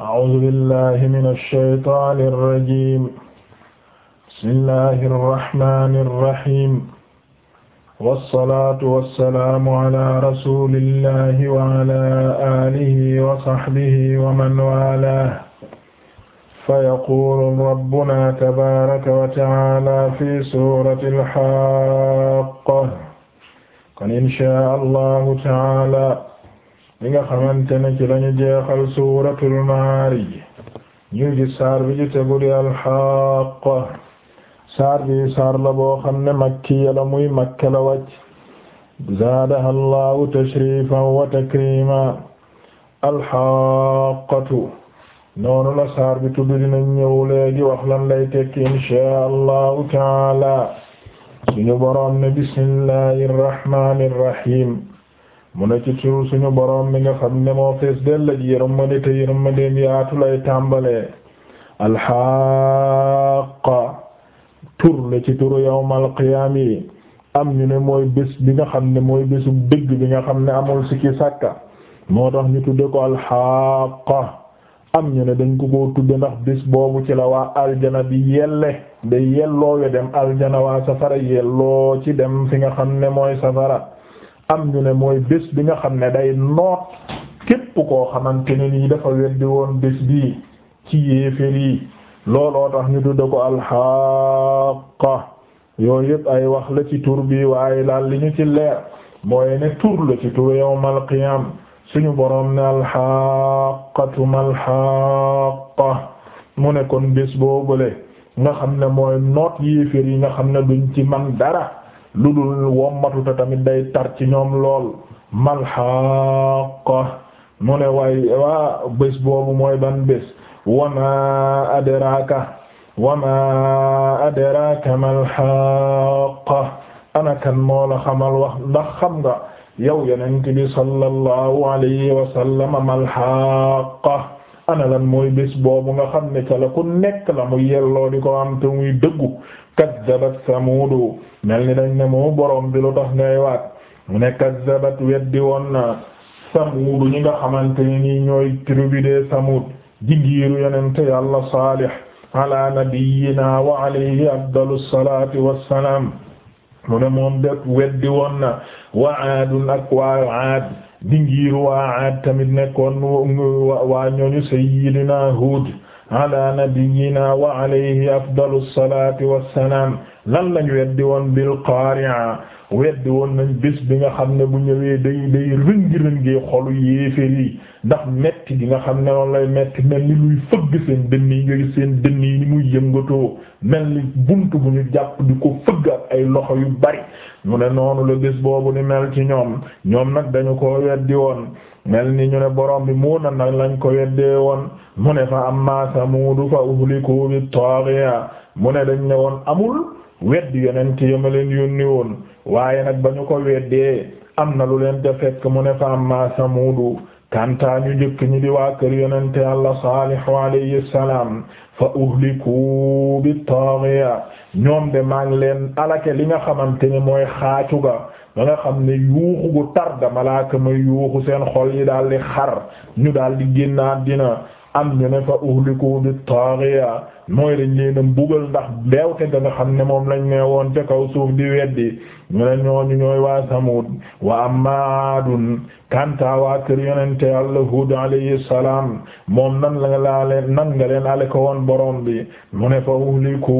أعوذ بالله من الشيطان الرجيم بسم الله الرحمن الرحيم والصلاة والسلام على رسول الله وعلى آله وصحبه ومن والاه فيقول ربنا تبارك وتعالى في سورة الحاقة قل إن شاء الله تعالى li xamante ne ci lañu jeexal suuratul ñu ngi saar bi ci tegu di alxaqa saar bi saar la boo xam ne makkiya la muy makka la wàcc zaadaha allahu tashrifan wa takrima alxaqatu noonu la saar bi tudd dina ñëw wax lan lay tekki inshaa allahu taala suñu boroom ne bismillahi irrahmani irrahim mu ne ci turu suñu boroom mi nga xam ne moo fees dell ji yërmande te yërmandeem yaatu lay tàmbalee alxaqa tur la ci turu yawmal qiyaam yi am ñu ne mooy bés bi nga xam ne mooy bésu dëgg bi nga xam ne amul sikki sàkka moo tax ñu tudde ko alxaqa am ñu ne dañ ko koo tudde ndax bés boobu ci la waa aljana bi yelle day yelloowe dem aljana waa safara yelloo ci dem fi nga xam ne mooy safara am ñu ne mooy bés bi nga xam ne day noot képp koo xamante ne nii dafa weddi woon bés bii ci yéeféer yi looloo tax ñu tudde ko alxaqa yooyu yëpp ay wax la ci tur bi waaye daal li ñu ci leer mooy ne tur la ci tur yawmal qiyam suñu boroom ne alxaqatu malxaqa mu ne kon bés boobule nga xam ne mooy noot yéeféer yi nga xam ne duñ ci man dara lu dul wommatu te tamit day tar ci ñoom lool malxaqa mu ne waay waa boobu mooy ban bés wama adraka wama adraka malxaqa anakan moo xamal wax ndax xam nga yow yonent bi sallallahu alayhi wa sallam ana lan mooy bés boobu nga xam ne ca la ku nekk la ko am te muy dëggu kaddabat samuudu mel ni dañ ne moo borom bi lu tax ngay waat mu ne kaddabat weddi woon na samuudu ñi nga xamante ne nii ñooy tribu de samuud di ngiiru yonente yàlla saalih ala nabiyyina wa alayhi afdalu salaati wassalaam mu ne moom det weddi woon na waa aadun ak waa aad di ngiiru aad tamit nekkoon waa ñooñu sayyidina huud ala nabiyyina wa alayhi afdalu salaati wassalaam lan lañ weddi woon bil qaari'a weddi woon nañ bés bi nga xam ne bu ñëwee day day rëngi rëngee xolu yéeféer yi ndax metti gi nga xam ne noonu lay metti mel ni luy fëgg seen dënn yi nga gis seen dënn yi ni muy yëngatoo mel ni bunt bu ñu jàpp di ko fëgg ak ay loxo yu bari mu ne noonu la bés boobu ni mel ci ñoom ñoom nag dañu ko weddi woon mel ni ñu ne borom bi mu na nag lañ ko weddee woon mu ne fa amma samuudu fa uhliku bi taaxiya mu ne dañ ne woon amul weddi yonent ma leen yónni woon waaye nag ba ñu ko weddee am na lu leen te fekk mu ne fa amma samuudu kantaa ñu njëkk ñi di waa kër yonente yàlla saalihu alayhi salaam fa uhliku bi taaxiya ñoom de maa ngi leen alake li nga xamante ne mooy xaacu ga ba nga xam ne yuuxu gu tar da malaaka may yuuxu seen xol yi daal di xar ñu daal di génnaat dina am ñu ne fa uhliku bi taaxiya mooy dañ leen a mbugal ndax beewte da xam ne moom lañ ne woon ca kaw suuf di weddi ñu ne ñooñu ñooy waa Samud wa amma Aadun kanta waa kër yonente Yàlla Huud alayhi moom nan la laa leen nan nga leen ale ko woon borom bi mu ne fa uhliku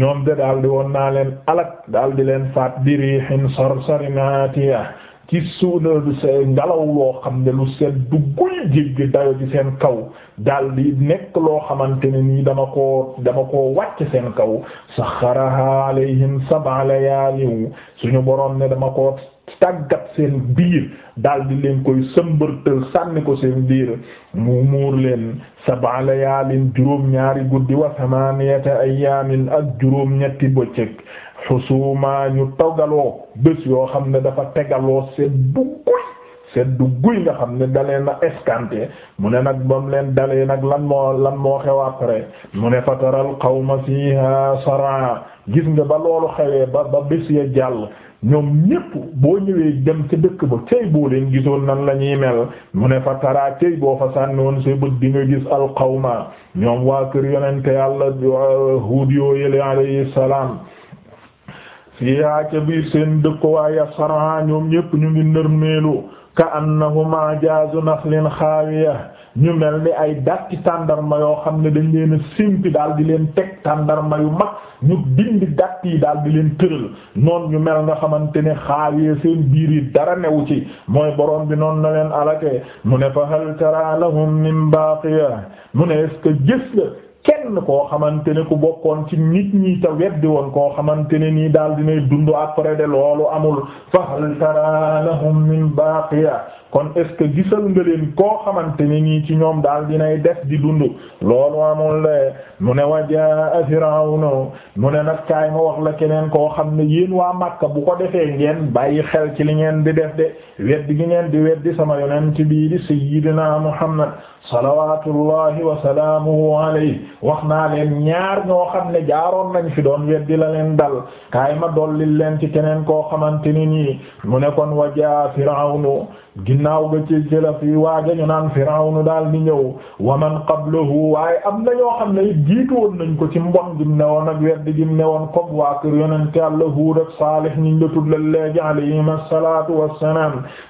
ñoom de daal di woon naa leen alak daal di leen faat bi riihin sarsarin aatiya ci suuna du see ngelaw loo xam ne lu seen du guy jéggi dayo ci seen kaw daal di nekk loo xamante ne nii dama ko dama ko wàcc seen kaw saxaraha alayhim sab'a layaalin suñu boroom ne dama ko tàggat seen biir dal di leen koy sëmbërtël sànni ko seen biir mu muur leen sab'a layaalin juróom ñaari guddi wa thamaniyata ayaamin ak juróom ñetti bëccëg xusuuma ñu toggaloo bés yoo xam ne dafa tegaloo seddu guy bu guy nga xam ne dalee na escanté mu ne nag bam leen dalee nag lan moo lan moo xew après mu ne fataral qawma fiha saraa gis nga ba loolu xewee ba ba bés ya jàll ñoom ñépp boo ñëwee dem ca dëkk ba cey boo leen gisoon nan la ñuy mel mu ne fa taraa cey boo fa sànnoon sa bët di nga gis alqawma ñoom waa kër yonente yàlla Huud yooyele alayhi salaam fiihaa ca biir seen dëkkuwaay yasarhaa ñoom ñépp ñu ngi nërmeelu ka annahuma jaazu naxlin xaawiya ñu mel ni ay dàtti tàndarma yoo xam ne dañ leen a simpi daal di leen teg tàndarma yu mag ñu dindi dàtt yi daal di leen tëral noon ñu mel nga xamante ne xaawiya seen biir yi dara newu ci mooy boroom bi noonu na leen alake mu ne fa hal tara lahum min mu ne est-ce la kenn koo xamante ne ku bokkoon ci nit ñi ta weddi woon koo xamante ne nii daal dinay dund après de loolu amul fa hal tara lahum min baqiya kon est que gisal nga leen koo xamante ne nii ci ñoom daal dinay def di dundu loolu amul le mu ne wajaa firawna mu ne nag kaay ma wax la keneen koo xam ne yéen waa Makka bu ko defee ngeen bàyyi xel ci li ngeen di def de weddi gi ngeen di weddi sama yii bii di sayyidina Muhammad salawaatullahi wa salaamuhu alayhi wax naa leen ñaar ñoo xam ne jaaroon nañ fi doon weddi la leen dal kaay ma dollil leen ci keneen koo xamante ni nii mu ne kon wajaa Firawnu ginnaaw ga ci jëla fi waaja ñu naan Firawnu daal di ñëw wa man qablahu waaye am na ñoo xam ne it woon nañ ko ci mbon gi mu ne woon ak weddi gi mu ne woon comme waa kër yonente Yàlla Huud ak Saalih ñu la tuddal léegi alayhim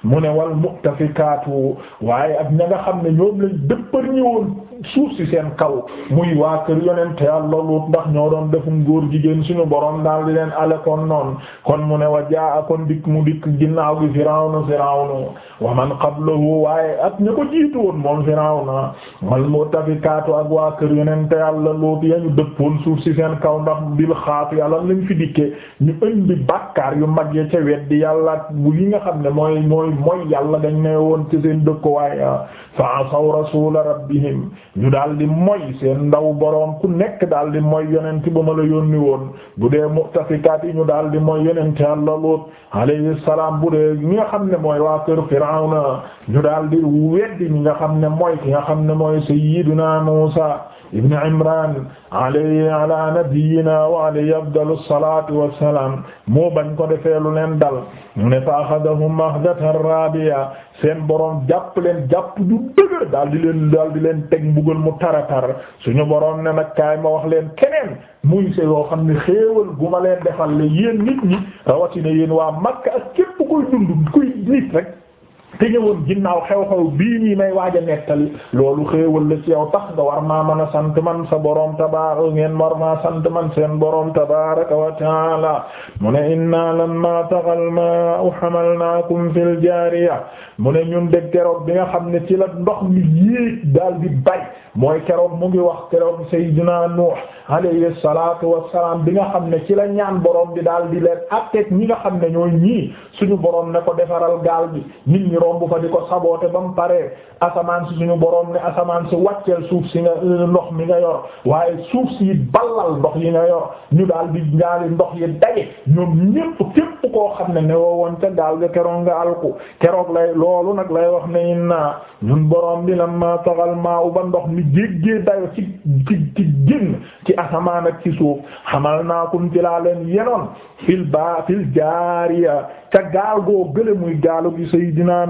mu ne wal mu'tafikaatu waaye ak ña nga xam ne ñoom lañ dëppar ñi suuf si seen kaw muy waa kër yonente Yàlla Luut ndax ñoo doon defum góor jigéen suñu borom daal di leen alekoon kon noonu kon mu ne wa jaa kon dikk mu dikk ginnaaw gi Firawnu Firawnu wa man qablahu waaye ak ña ko jiitu woon moom Firawna wal muttafikaatu ak waa kër te Yàlla Luut ya ñu dëppoon suuf si seen kaw ndax bil xaatu yàlla lañ fi dikkee ñu indi bakaar yu mag ya ca weddi yàlla yi nga xam ne mooy mooy mooy yàlla dañ ne woon ci seen dëkkuwaay fa asaw rasuula rabbihim ñu daal di moy seen ndaw boroom ku nekk daal di moy yonent ba ma la yónni woon bu dee muttafikaat yi ñu daal di mooy yonente Yàlla Luut alayhi bu dee Firawna ñu daal di weddi ñi nga xam ne mooy ki nga xam ne mooy sayyiduna Musa ibn Imran alayhi ala nabiyyina wa alayhi afdalu salatu wassalam moo bañ ko defee lu leen dal ne fa axadahum axdatan rabiya seen boroom jàpp leen jàpp du dëgër daal di leen daal di leen teg mbugal mu taratar suñu borom ne nag kaay ma wax leen keneen muy se yoo xam ne xéewal gu ma leen defal la yéen nit ñi rawatina yéen waa Makka ak képp kuy dund kuy nit rek ti ñëwoon ginnaaw xew-xew bii nii may waaj a nettali loolu xéewal la ci yow tax nga war maa mën a sant man sa boroom tabaaraka ngeen war maa sant man seen boroom tabaaraka wa taala mu ne inna lamma taqal maa'u hamalnaakum fil jaariya mu ne ñun de tero bi nga xam ne ci la ndox mi yéeg daal bay mooy keroog mu ngi wax keroog sayyidina Nuux alayhi salaatu wassalaam bi nga xam ne ci la ñaan borom bi daal di leen ñi nga xam ne ñooy ñii suñu boroom ne ko defaral gaal bi nit ñi romb fa di ko saboote ba mu paree asamaan si suñu borom ne asamaan si wàcceel suuf si nga euh, ndox mi nga yor waaye suuf si ballal ndox yi nga yor ñu daal di ñaari ndox yi daje ñoom ñépp képp koo xam ne ne woo woon ca gaal ga keroog nga alku keroog lay loolu nag lay wax ne inna ñun borom bi lamma taxal maaw ba ndox mi jéggee dayo ci ci ci génn ci asamaan ak ci suuf xamal naa kum ci laa leen yenoon fil ba fil jaariya ca gaal goo gële muy gaalu gi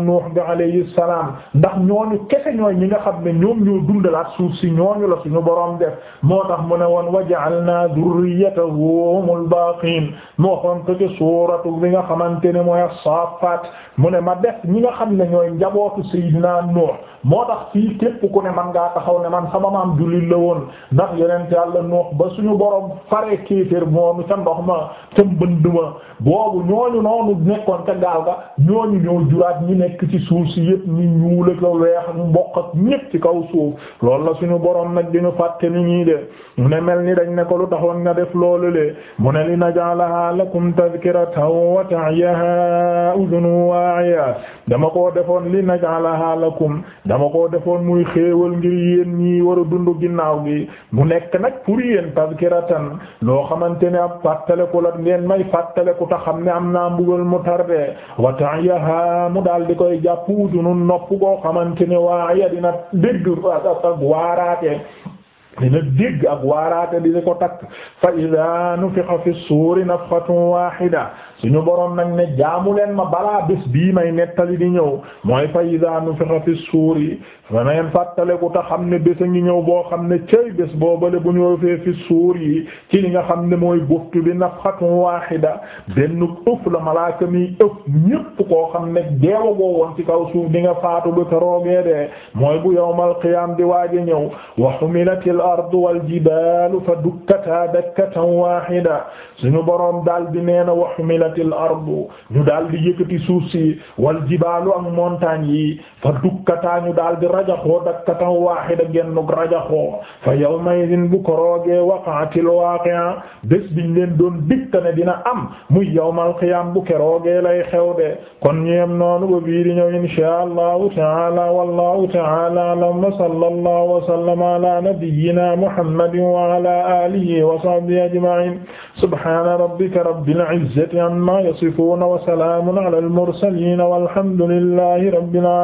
nuux bi alayhi salaam ndax ñooñu kese ñooy ñi nga xam ne ñoom ñoo ak suuf si ñooñu la suñu boroom def moo tax mu ne woon wa ja'alnaa dhurriyyatahu humul baaqiin moo xoon ko ci suuratu bi nga xamante ne mooy as-saaffaat mu ne ma def ñi nga xam ne ñooy njabootu sayyidina nuux moo tax fii képp ku ne man ngaa taxaw ne man sama maam jullit la woon ndax yeneen Yàlla nuux ba suñu boroom faree kéeféer moomu ca ndox ma ca mbënd ma boobu ñooñu noonu nekkoon ca gaal ga ñooñu ñoo juraat ñi nekk nekk ci suuf si yëpp ñu ñuul ak weex ak ñépp ci kaw suuf loolu la suñu boroom nag di ñu fàtte ni ñii de mu ne mel ni dañ ne ko lu taxoon nga def loolu le mu ne li naj'alaha lakum tadhkiratan wa ta'iyaha udhunun wa'iya dama ko defoon li naj'alaha lakum dama koo defoon muy xéewal ngir yéen ñii war a dund ginnaaw gi mu nekk nag pour yéen tadhkiratan loo xamante ne ab fàttaleku la ngeen may fàttaleku ta xam ne am naa mbugal mu tarde wa ta'iyaha mu daal di ko koy jàpp udunun nopp goo xamante ne waaye dina dégg ak ak waaraate dina dégg ak waaraate di ko takk fa idaa nufixa fi suuri nafxatun waahida ñu borom nag ne jaamu leen ma balaa bés bii may nettali di ñëw mooy fa iza nufixa fi suuri fa neen ku te xam ne bés a ngi ñëw boo xam ne cëy boo bale bu ñu fee fi suur yi ci li nga xam ne mooy buftu bi nafxatun waahida benn ëf la malaaka mi ëf ñépp koo xam ne deewa boo woon ci kaw suuf di nga faatu bu keroogee dee mooy bu yawmal qiyaam di waaje ñëw wa humilatil ardu wal jibaalu fa dukkata dakkatan waahida suñu borom daal di neena wa humila dukkatil ardu ñu daal di yëkkati suuf si wal jibaalu ak montagne yi fa dukkataa ñu daal di rajaxoo dakkatan waahida gennuk rajaxoo fa yawmaydin bu koroogee waqa'atil waaqi'a bés biñ leen doon dikka ne dina am muy yawmal qiyaam bu keroogee lay xew de kon ñu yem noonu ba bii di ñëw inshaa Allahu ta'ala wallahu ta'ala a'lam wa sallallahu wa sallama ala nabiyyina Muhammadin wa ala alihi wa sahbihi ajma'in subhana rabbika rabbil izzati amma yasifun wa salamun ala al mursalin walhamdulillahi rabbil alamin